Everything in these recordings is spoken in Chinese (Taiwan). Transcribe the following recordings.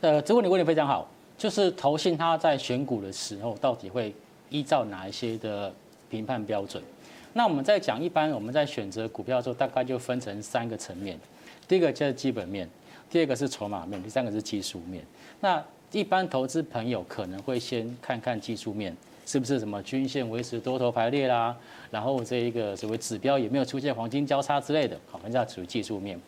呃，這個問題問得非常好。就是投信他在選股的時候，到底會依照哪一些的評判標準？那我們在講，一般我們在選擇股票的時候，大概就分成三個層面。第一個就是基本面，第二個是籌碼面，第三個是技術面。那一般投資朋友可能會先看看技術面，是不是什麼均線維持多頭排列啦，然後這一個所謂指標有沒有出現黃金交叉之類的，好，那屬於技術面。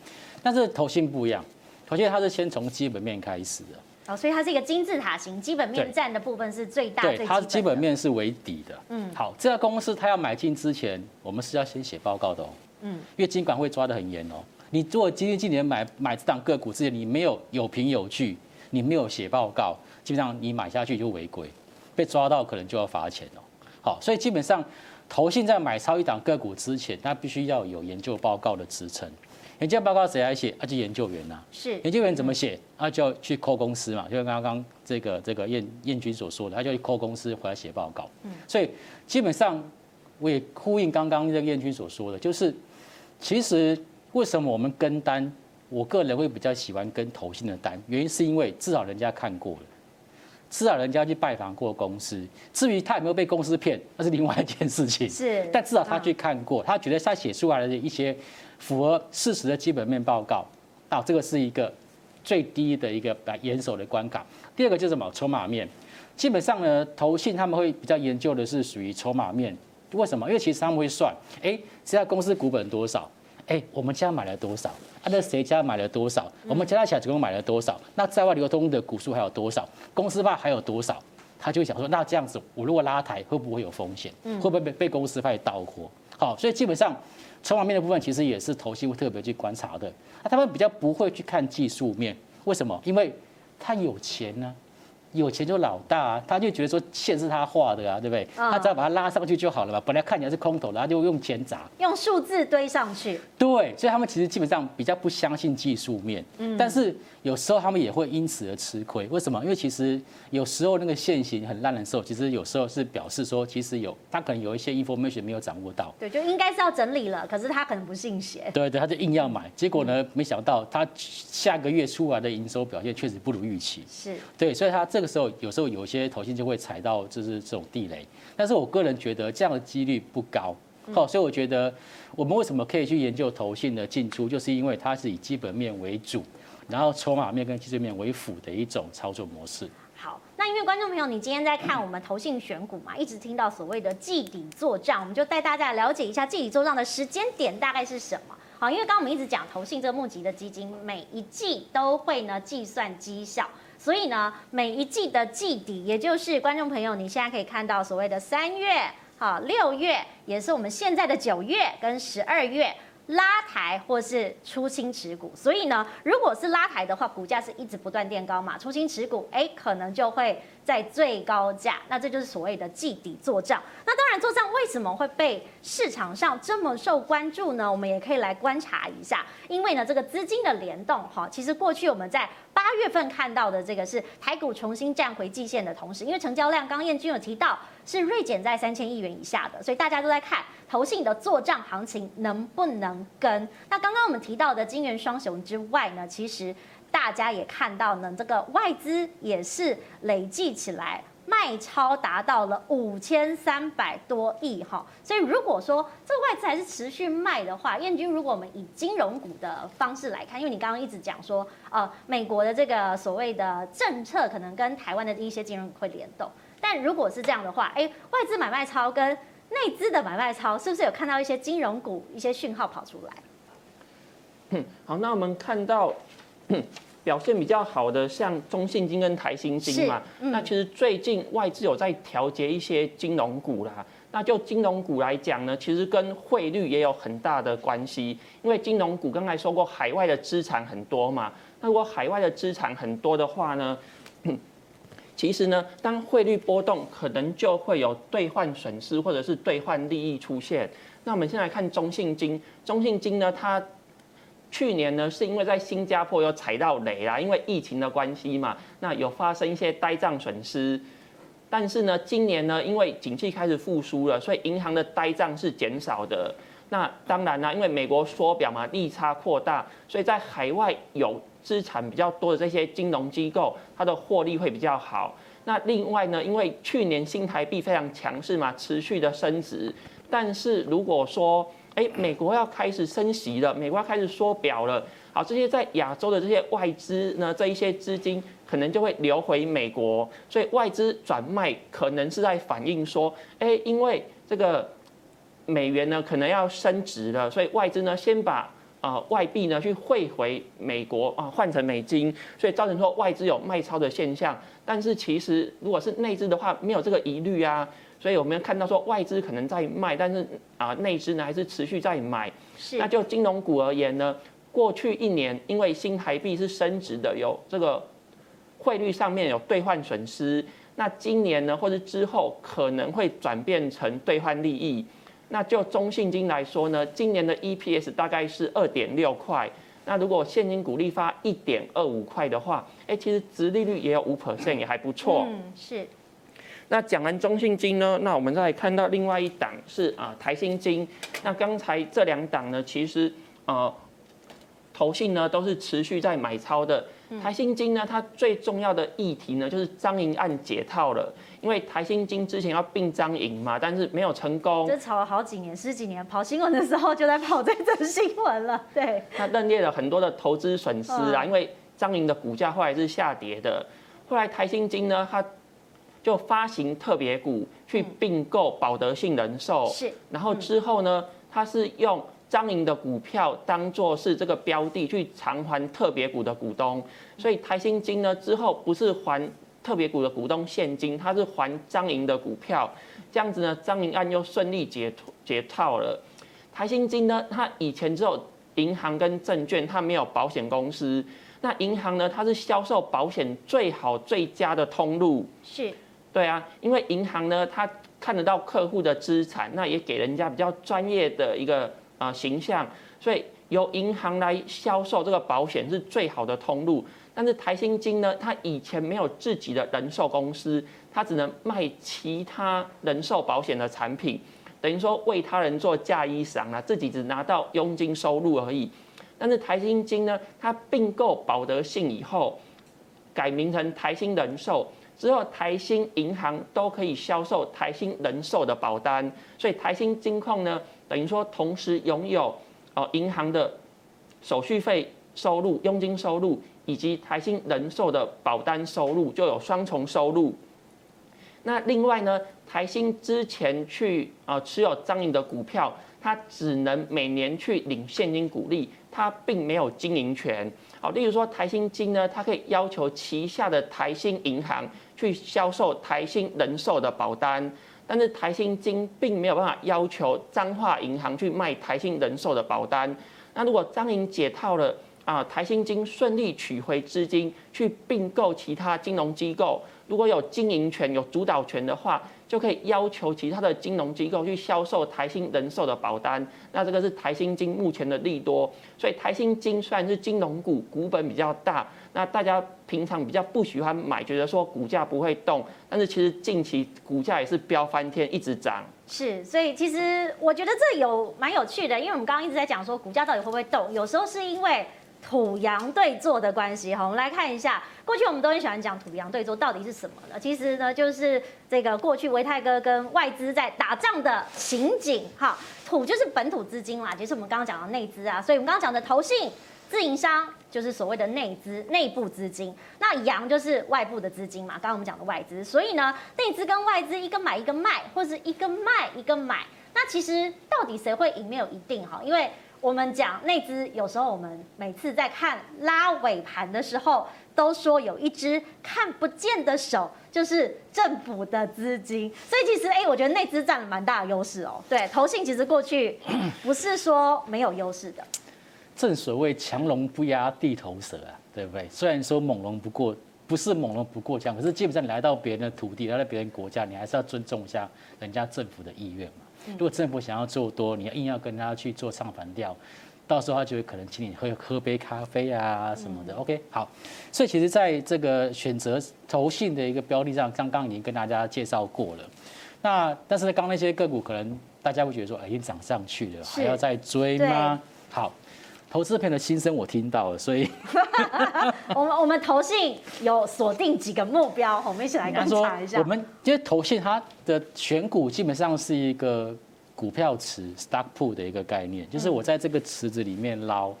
但是投信不一樣。而且它是先從基本面開始的哦，所以它是一個金字塔型，基本面佔的部分是最大的，它基本面是為底的。嗯，好，這個公司它要買進之前，我們是要先寫報告的哦。嗯，因為金管會抓得很嚴哦。你如果今年、今年買買這檔個股之前，你沒有有憑有據，你沒有寫報告，基本上你買下去就違規，被抓到可能就要罰錢哦。好，所以基本上投信在買超一檔個股之前，它必須要有研究報告的支撐。研究報告誰來寫？他，啊、就研究員吶、啊。是研究員怎麼寫？他，啊、就要去摳公司嘛。就像剛剛這個這個彥彥鈞所說的，他就去摳公司回來寫報告。嗯，所以基本上我也呼應剛剛任彥鈞所說的，就是其實為什麼我們跟單，我個人會比較喜歡跟投信的單，原因是因為至少人家看過了，至少人家去拜訪過公司。至於他有沒有被公司騙，那是另外一件事情。是，但至少他去看過，嗯，他覺得他寫出來的一些。符合事實的基本面報告，啊，到這個是一個最低的一個啊嚴守的關卡。第二個就是什麼籌碼面，基本上呢，投信他們會比較研究的是屬於籌碼面。為什麼？因為其實他們會算，哎，這家公司股本多少？哎，我們家買了多少，啊？那誰家買了多少？我們加加起來總共買了多少？那在外流通的股數還有多少？公司派還有多少？他就想說，那這樣子，我如果拉抬，會不會有風險？會不會被被公司派倒貨？好，所以基本上，籌碼面的部分其實也是投信會特別去觀察的、啊。那他們比較不會去看技術面，為什麼？因為他有錢呢、啊、有錢就老大、啊，他就覺得說，線是他畫的啊，對不對？他只要把它拉上去就好了嘛。本來看起來是空頭，他、啊、就用錢砸，用數字堆上去。對，所以他們其實基本上比較不相信技術面。嗯，但是。有時候他們也會因此而吃虧，為什麼？因為其實有時候那個線型很爛的時候，其實有時候是表示說，其實有他可能有一些 information 沒有掌握到，對，就應該是要整理了。可是他可能不信邪，對對，他就硬要買。結果呢、嗯，沒想到他下個月出來的營收表現確實不如預期，是對，所以他這個時候有時候有一些投信就會踩到就是這種地雷。但是我個人覺得這樣的幾率不高，哦，所以我覺得我們為什麼可以去研究投信的進出，就是因為它是以基本面為主。然後籌碼、啊、面跟技術面為輔的一種操作模式。好，那因為觀眾朋友，你今天在看我們投信選股嘛、嗯，一直聽到所謂的季底作賬，我們就帶大家了解一下季底作賬的時間點大概是什麼。好，因為剛剛我們一直講投信這個募集的基金，每一季都會呢計算績效，所以呢每一季的季底，也就是觀眾朋友你現在可以看到所謂的三月、好六月，也是我們現在的九月跟十二月。拉抬或是出清持股，所以呢，如果是拉抬的話，股價是一直不斷墊高嘛；出清持股，哎、欸，可能就會在最高價，那這就是所謂的季底做賬。那當然，做賬為什麼會被市場上這麼受關注呢？我們也可以來觀察一下，因為呢，這個資金的聯動哈，其實過去我們在八月份看到的這個是台股重新站回季線的同時，因為成交量剛彥鈞有提到是銳減在三千億元以下的，所以大家都在看投信的做賬行情能不能跟。那剛剛我們提到的金元雙雄之外呢，其實。大家也看到呢，這個外資也是累計起來賣超達到了五千三百多億哈，所以如果說這個外資還是持續賣的話，彥鈞，如果我們以金融股的方式來看，因為你剛剛一直講說，呃，美國的這個所謂的政策可能跟台灣的一些金融股會聯動，但如果是這樣的話，哎、欸，外資買賣超跟內資的買賣超，是不是有看到一些金融股一些訊號跑出來、嗯？好，那我們看到。表現比較好的像中信金跟台新金嘛，嗯、那其實最近外資有在調節一些金融股啦。那就金融股來講呢，其實跟匯率也有很大的關係，因為金融股剛才說過，海外的資產很多嘛。那如果海外的資產很多的話呢，其實呢，當匯率波動，可能就會有兌換損失或者是兌換利益出現。那我們先來看中信金，中信金呢，它。去年呢，是因為在新加坡有踩到雷啦，因為疫情的關係嘛，那有發生一些呆賬損失。但是呢，今年呢，因為景氣開始復甦了，所以銀行的呆賬是減少的。那當然啦，因為美國縮表嘛，利差擴大，所以在海外有資產比較多的這些金融機構，它的獲利會比較好。那另外呢，因為去年新台幣非常強勢嘛，持續的升值，但是如果說，哎、欸，美國要開始升息了，美國要開始縮表了，好，這些在亞洲的這些外資呢，這一些資金可能就會流回美國，所以外資轉賣可能是在反映說，哎、欸，因為這個美元呢可能要升值了，所以外資呢先把。啊、呃，外幣呢去匯回美國啊，換成美金，所以造成說外資有賣超的現象。但是其實如果是內資的話，沒有這個疑慮啊，所以我們要看到說外資可能在賣，但是啊內資呢還是持續在買。是，那就金融股而言呢，過去一年因為新台幣是升值的，有這個匯率上面有兌換損失，那今年呢或是之後可能會轉變成兌換利益。那就中信金來說呢，今年的 EPS 大概是二點六塊。那如果現金股利發一點二五塊的話，哎、欸，其實殖利率也有五 %，percent、嗯、也還不錯。嗯，是。那講完中信金呢，那我們再來看到另外一檔是啊、呃、台新金。那剛才這兩檔呢，其實啊、呃，投信呢都是持續在買超的。台新金呢，它最重要的議題呢，就是彰銀案解套了。因為台新金之前要併彰銀嘛，但是沒有成功。這炒了好幾年，十幾年跑新聞的時候就在跑則這新聞了。對，他認列了很多的投資損失啊，因為彰銀的股價後來是下跌的。後來台新金呢，他就發行特別股去併購保德信人壽、嗯，然後之後呢，它是用張銀的股票當做是這個標的去償還特別股的股東，所以台新金呢，之後不是還特別股的股東現金，它是還張銀的股票，這樣子呢，張銀案又順利解解套了。台新金呢，它以前只有銀行跟證券，它沒有保險公司。那銀行呢，它是銷售保險最好最佳的通路，是，對啊，因為銀行呢，它看得到客戶的資產，那也給人家比較專業的一個。啊、呃，形象，所以由銀行來銷售這個保險是最好的通路。但是台新金呢，它以前沒有自己的人壽公司，它只能賣其他人壽保險的產品，等於說為他人做嫁衣裳啊，自己只拿到佣金收入而已。但是台新金呢，它併購保德信以後，改名成台新人壽之後，台新銀行都可以銷售台新人壽的保單，所以台新金控呢。等於說，同時擁有哦銀行的手續費收入、佣金收入，以及台新人壽的保單收入，就有雙重收入。那另外呢，台新之前去啊持有彰銀的股票，他只能每年去領現金股利，他並沒有經營權。好，例如說台新金呢，它可以要求旗下的台新銀行去銷售台新人壽的保單。但是台新金並沒有辦法要求彰化銀行去賣台新人壽的保單。那如果彰銀解套了啊，台新金順利取回資金去併購其他金融機構，如果有經營權、有主導權的話。就可以要求其他的金融機構去銷售台新人壽的保單，那這個是台新金目前的利多，所以台新金算是金融股股本比較大，那大家平常比較不喜歡買，覺得說股價不會動，但是其實近期股價也是飆翻天，一直漲。是，所以其實我覺得這有蠻有趣的，因為我們剛剛一直在講說股價到底會不會動，有時候是因為。土洋對做的關係哈，我們來看一下。過去我們都很喜歡講土洋對做到底是什麼呢？其實呢，就是這個過去唯泰哥跟外資在打仗的情景哈。土就是本土資金啦，就是我們剛剛講的內資啊。所以我們剛剛講的投信自營商就是所謂的內資內部資金。那洋就是外部的資金嘛，剛剛我們講的外資。所以呢，內資跟外資一個買一個賣，或是一個賣一個買。那其實到底誰會贏沒有一定哈，因為我們講內資，有時候我們每次在看拉尾盤的時候，都說有一只看不見的手，就是政府的資金。所以其實，哎，我覺得內資占了蠻大的優勢哦。對，投信其實過去不是說沒有優勢的。正所謂強龍不壓地頭蛇啊，對不對？雖然說猛龍不過。不是猛龍不過江，可是基本上你來到別人的土地，來到別人國家，你還是要尊重一下人家政府的意願嘛。如果政府想要做多，你要硬要跟他去做唱反調，到時候他就會可能請你喝喝杯咖啡啊什麼的。OK，好。所以其實在這個選擇投信的一個標的上，剛剛已經跟大家介紹過了。那但是呢，剛那些個股，可能大家會覺得說，哎，已經漲上去了，還要再追嗎？好。投資片的心聲我聽到了，所以我 們，我們投信有鎖定幾個目標，我們一起來觀察一下。我們因為投信它的選股基本上是一個股票池 （stock pool） 的一個概念，就是我在這個池子裡面撈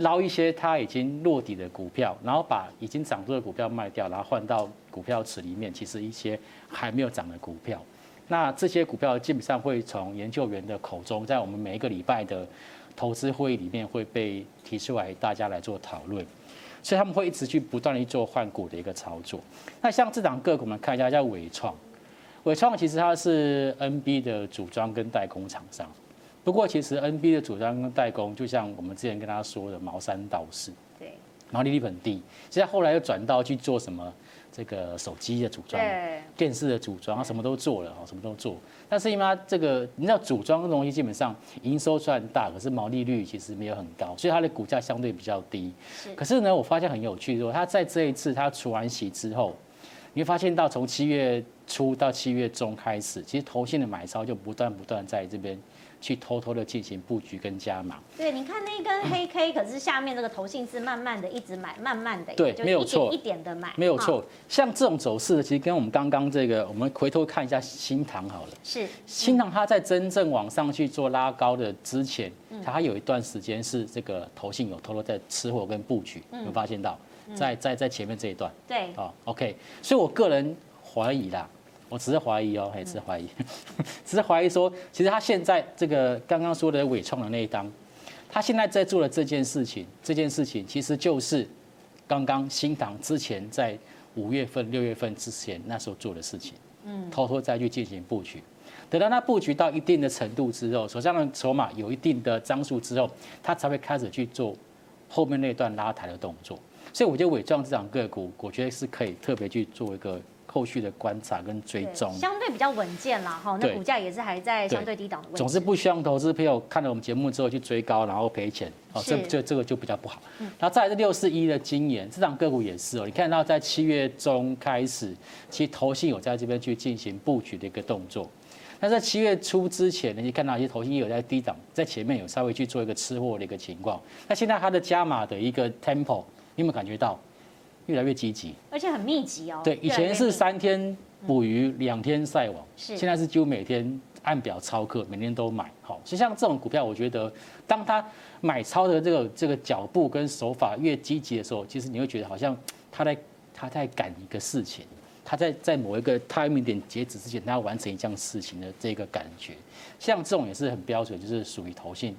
撈一些它已經落底的股票，然後把已經漲多的股票賣掉，然後換到股票池裡面。其實一些還沒有漲的股票，那這些股票基本上會從研究員的口中，在我們每一個禮拜的。投資會議裡面會被提出來，大家來做討論，所以他們會一直去不斷的去做換股的一個操作。那像這檔個股，我們看一下叫緯創，緯創其實它是 NB 的組裝跟代工廠商，不過其實 NB 的組裝跟代工就像我們之前跟大家說的，毛三到四，對，毛利率很低，其實後來又轉到去做什麼？這個手機的組裝、電視的組裝，什麼都做了，什麼都做。但是因為它這個，你知道組裝的東西，基本上營收雖然大，可是毛利率其實沒有很高，所以它的股價相對比較低。可是呢，我發現很有趣，說它在這一次它除完息之後，你會發現到從七月初到七月中開始，其實投信的買超就不斷不斷在這邊。去偷偷的進行布局跟加碼。對，你看那一根黑 K，可是下面這個投信是慢慢的一直買，慢慢的對，就一點,沒有錯一點一點的買，沒有錯。哦、像這種走勢的，其實跟我們剛剛這個，我們回頭看一下新唐好了。是，嗯、新唐它在真正往上去做拉高的之前，它還、嗯、有一段時間是這個投信有偷偷在吃貨跟布局，有、嗯、發現到，嗯、在在在前面這一段。對哦，哦 OK 所以我個人懷疑啦。我只是懷疑哦，還是懷疑，只是懷疑，嗯，只是懷疑說，其實他現在這個剛剛說的緯創的那檔，他現在在做的這件事情，這件事情其實就是剛剛新唐之前在五月份、六月份之前那時候做的事情，嗯，偷偷再去進行布局，等到他布局到一定的程度之後，手上的籌碼有一定的張數之後，他才會開始去做後面那段拉抬的動作。所以我覺得緯創這場個股，我覺得是可以特別去做一個。後續的觀察跟追蹤相對比較穩健啦，哈，那股價也是還在相對低檔的位置。總是不希望投資朋友看了我們節目之後去追高，然後賠錢，哦，這這這個就比較不好。那、嗯、再來這六四一的經驗，這檔個股也是哦，你看到在七月中開始，其實投信有在這邊去進行布局的一個動作。那在七月初之前呢，你看到一些投信也有在低檔，在前面有稍微去做一個吃貨的一個情況。那現在它的加碼的一個 tempo，你有沒有感覺到？越來越積極，而且很密集哦。對，以前是三天捕魚兩、嗯、天曬網，是現在是幾乎每天按表操課，每天都買。好，所以像這種股票，我覺得當他買超的這個這個腳步跟手法越積極的時候，其實你會覺得好像他在他在趕一個事情，他在在某一個 timing 點截止之前，他要完成一件事情的這個感覺。像這種也是很標準，就是屬於投信，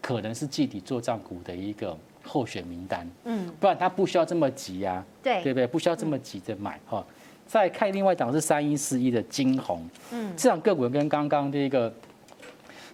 可能是集體作戰股的一個。候選名單，嗯，不然他不需要這麼急呀，對，對不對？不需要這麼急着買哈、嗯。再看另外一檔是三一四一的晶宏，嗯，這檔個股跟剛剛這個，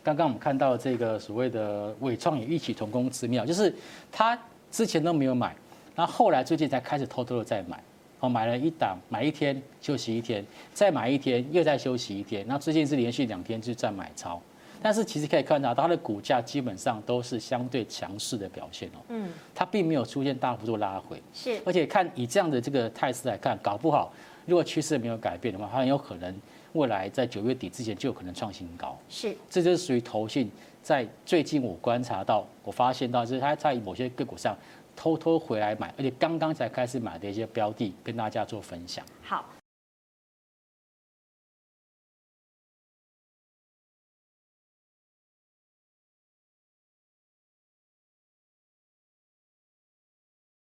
剛剛我們看到的這個所謂的緯創也異曲同工之妙，就是他之前都沒有買，然後，後來最近才開始偷偷的在買，哦，買了一檔，買一天休息一天，再買一天又再休息一天，然後最近是連續兩天就在買超。但是其實可以看到，它的股價基本上都是相對強勢的表現哦。嗯，它並沒有出現大幅度拉回。是，而且看以這樣的這個態勢來看，搞不好如果趨勢沒有改變的話，它很有可能未來在九月底之前就有可能創新高。是，這就是屬於投信在最近我觀察到，我發現到就是他在某些個股上偷偷回來買，而且剛剛才開始買的一些標的，跟大家做分享。好。